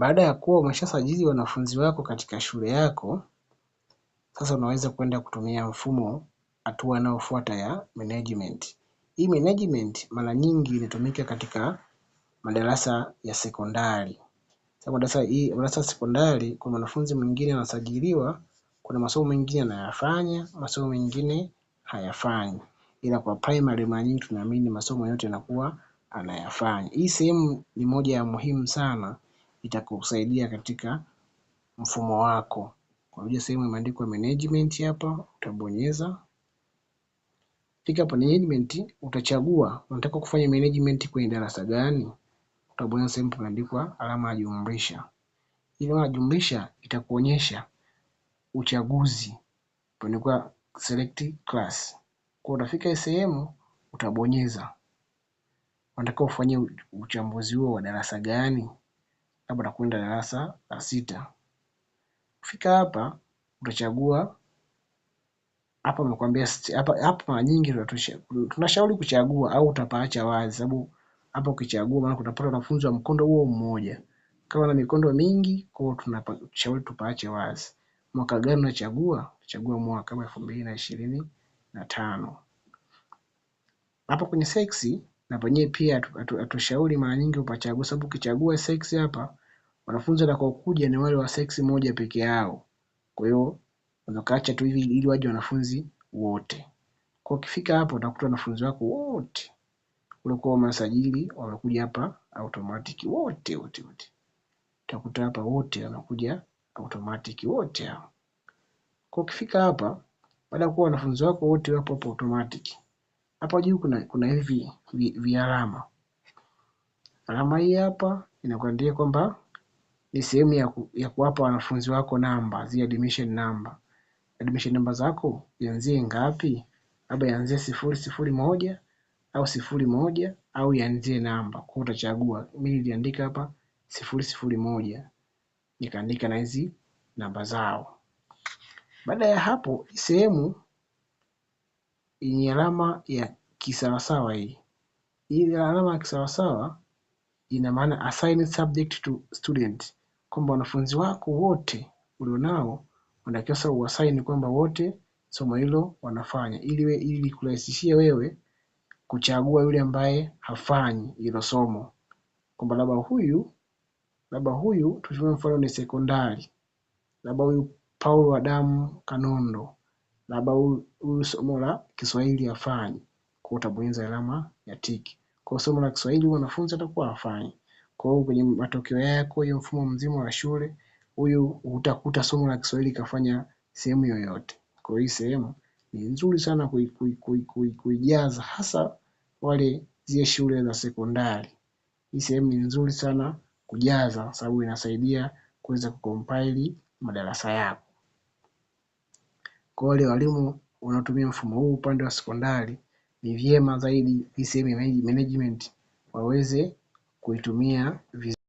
Baada ya kuwa umeshasajili wanafunzi wako katika shule yako, sasa unaweza kwenda kutumia mfumo hatua inayofuata ya management. Hii management mara nyingi inatumika katika madarasa ya sekondari. Madarasa ya sekondari kuna mwanafunzi mwingine anasajiliwa, kuna masomo mengine anayafanya, masomo mengine hayafanyi. Ila kwa primary mara nyingi tunaamini masomo yote yanakuwa anayafanya. Hii sehemu ni moja ya muhimu sana itakusaidia katika mfumo wako. hiyo sehemu imeandikwa management hapa utabonyeza. Fika hapo management utachagua unataka kufanya management kwenye darasa gani. Utabonyeza sehemu imeandikwa alama ya jumlisha. Ile alama ya jumlisha itakuonyesha uchaguzi pameandikwa select class. Kwa utafika sehemu utabonyeza. Unataka ufanye uchambuzi huo wa darasa gani? labda nakwenda darasa la sita. Ukifika hapa utachagua hapa wamekuambia hapa hapa mara nyingi tunashauri kuchagua au utapaacha wazi sababu hapa ukichagua maana utapata wanafunzi wa mkondo huo mmoja. Kama na mikondo mingi kwa hiyo tunashauri tupaache wazi. Mwaka gani unachagua? Chagua mwaka wa 2025. mbili Hapo kwenye seksi na penyewe pia atushauri mara nyingi upachague sababu ukichagua seksi hapa Wanafunzi watakaokuja ni wale wa seksi moja peke yao. Kwa hiyo unaweza tu hivi ili waje wanafunzi wote. Kwa ukifika hapo utakuta wanafunzi wako wote uliokuwa umewasajili wamekuja hapa automatic wote wote wote. Utakuta hapa wote wanakuja automatic wote hao. Kwa ukifika hapa baada ya kuwa wanafunzi wako wote wapo hapo automatic. Hapa juu kuna kuna hivi vi, vi alama. Alama hii hapa inakuambia kwamba ni sehemu ya kuwapa wanafunzi wako namba zile admission number. Admission number zako ianzie ngapi? Labda ianzie sifuri sifuri moja au sifuri moja au ianzie namba kwa utachagua. Mimi niliandika hapa sifuri sifuri moja nikaandika na hizi namba zao. Baada ya hapo, sehemu yenye alama ya kisawasawa hii hii alama ya kisawasawa ina maana assign subject to student kwamba wanafunzi wako wote ulionao wanatakiwa sasa uwasaini kwamba wote somo hilo wanafanya, ili we, ili kurahisishia wewe kuchagua yule ambaye hafanyi hilo somo, kwamba labda huyu labda huyu tuchukue mfano ni sekondari, labda huyu Paulo Adamu Kanondo, labda huyu somo la Kiswahili hafanyi, kwa utabonyeza alama ya tiki. Kwa somo la Kiswahili wanafunzi atakuwa hafanyi. Kwa hiyo kwenye matokeo yako kwenye mfumo mzima wa shule huyu utakuta somo la Kiswahili kafanya sehemu yoyote. Kwa hiyo hii sehemu ni nzuri sana kuijaza hasa wale zile shule za sekondari. Hii sehemu ni nzuri sana kujaza sababu inasaidia kuweza kukompaili madarasa yako. Kwa wale walimu wanaotumia mfumo huu upande wa sekondari ni vyema zaidi hii sehemu ya management waweze kuitumia vizuri